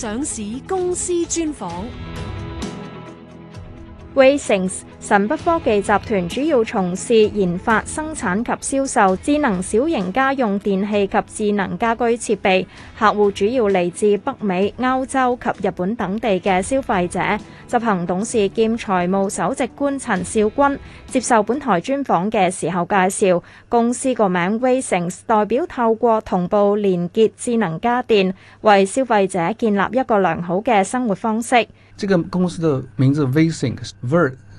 上市公司專訪。神北科技集團主要從事研發、生產及銷售智能小型家用電器及智能家居設備，客戶主要嚟自北美、歐洲及日本等地嘅消費者。執行董事兼首席財務官陳兆軍接受本台專訪嘅時候介紹，公司個名 Vesync 代表透過同步連結智能家電，為消費者建立一個良好嘅生活方式。這個公司的名字 Vesync Ver。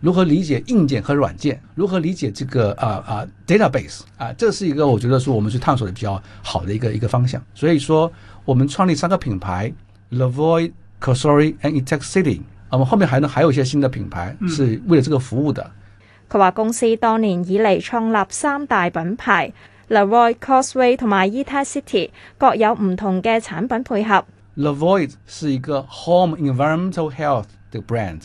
如何理解硬件和軟件？如何理解這個啊啊、uh, uh, database 啊、uh,？這是一個我覺得是我們去探索的比較好的一個一個方向。所以說我們創立三個品牌：Levoit、Cosori Le and Etekcity。我們後面還能還有一些新的品牌是為了這個服務的。佢話、嗯、公司當年以嚟創立三大品牌：Levoit、Le Cosori 同埋 Etekcity，各有唔同嘅產品配合。Levoit 是一個 home environmental health 的 brand。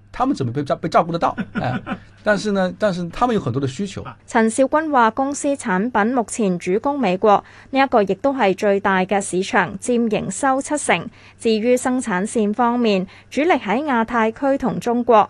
他們怎麼被照被照顧得到？誒，但是呢，但是他們有很多的需求。陳兆軍話，公司產品目前主攻美國呢個亦都係最大嘅市場，占營收七成。至於生產線方面，主力喺亞太區同中國。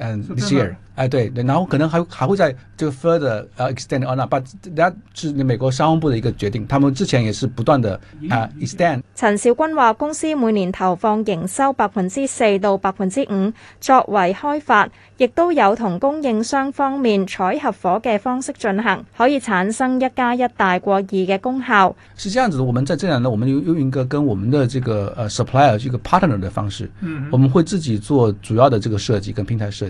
嗯，this year，哎，對，然後可能還還會在這個 further 呃 extend on，but that 是美國商務部的一個決定，他們之前也是不斷的啊、uh, extend。嗯嗯嗯、陳兆軍話，公司每年投放營收百分之四到百分之五作為開發，亦都有同供應商方面採合伙嘅方式進行，可以產生一加一大過二嘅功效。是這樣子的，我們在這裏呢，我們有用一個跟我們的這個呃 supplier，這個 partner 的方式，嗯，我們會自己做主要的這個設計跟平台設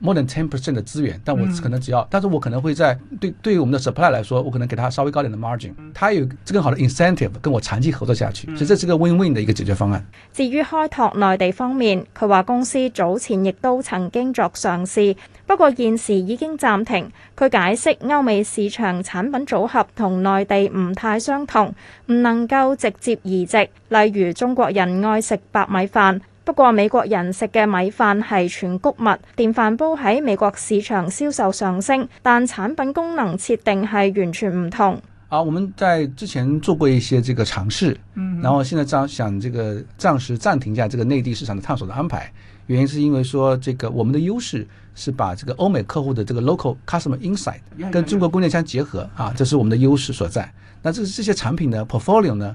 more than ten percent 的資源，但我可能只要，嗯、但是我可能會在對對於我們的 supply 來說，我可能給他稍微高點的 margin，嗯、他有更好的 incentive 跟我長期合作下去，嗯、所以這是一個 win win 的一個解決方案。至於開拓內地方面，佢話公司早前亦都曾經作嘗試，不過現時已經暫停。佢解釋歐美市場產品組合同內地唔太相同，唔能夠直接移植，例如中國人愛食白米飯。不過美國人食嘅米飯係全穀物，電飯煲喺美國市場銷售上升，但產品功能設定係完全唔同。啊，我們在之前做過一些這個嘗試，嗯，然後現在想這個暫時暫停一下這個內地市場的探索的安排，原因係因為說這個我們的優勢是把這個歐美客戶的這個 local customer insight 跟中國供應相結合，啊，這是我們的優勢所在。那這這些產品的 portfolio 呢？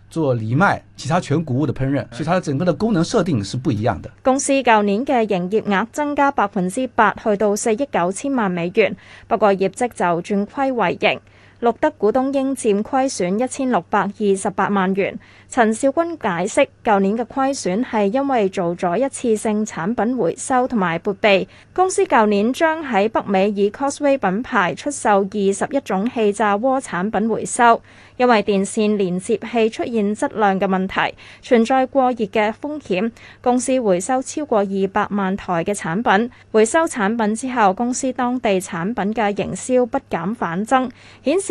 做藜麥，其他全穀物的烹飪，所以它的整個的功能設定是不一樣的。公司舊年嘅營業額增加百分之八，去到四億九千萬美元，不過業績就轉虧為盈。錄得股東應佔虧損一千六百二十八萬元。陳少君解釋，舊年嘅虧損係因為做咗一次性產品回收同埋撥備。公司舊年將喺北美以、e、Cosori 品牌出售二十一種氣炸鍋產品回收，因為電線連接器出現質量嘅問題，存在過熱嘅風險。公司回收超過二百萬台嘅產品，回收產品之後，公司當地產品嘅營銷不減反增，顯示，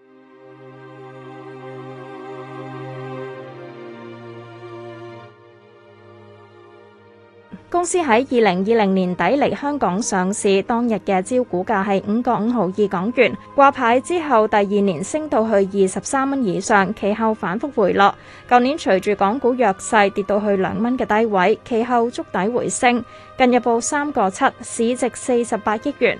公司喺二零二零年底嚟香港上市，當日嘅招股價係五個五毫二港元。掛牌之後第二年升到去二十三蚊以上，其後反覆回落。舊年隨住港股弱勢跌到去兩蚊嘅低位，其後築底回升。近日報三個七，市值四十八億元。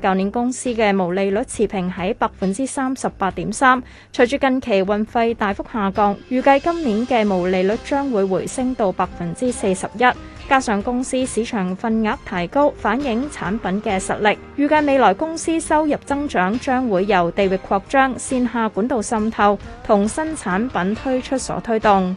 舊年公司嘅毛利率持平喺百分之三十八點三，隨住近期運費大幅下降，預計今年嘅毛利率將會回升到百分之四十一。加上公司市場份額提高，反映產品嘅實力，預計未來公司收入增長將會由地域擴張、線下管道滲透，同新產品推出所推動。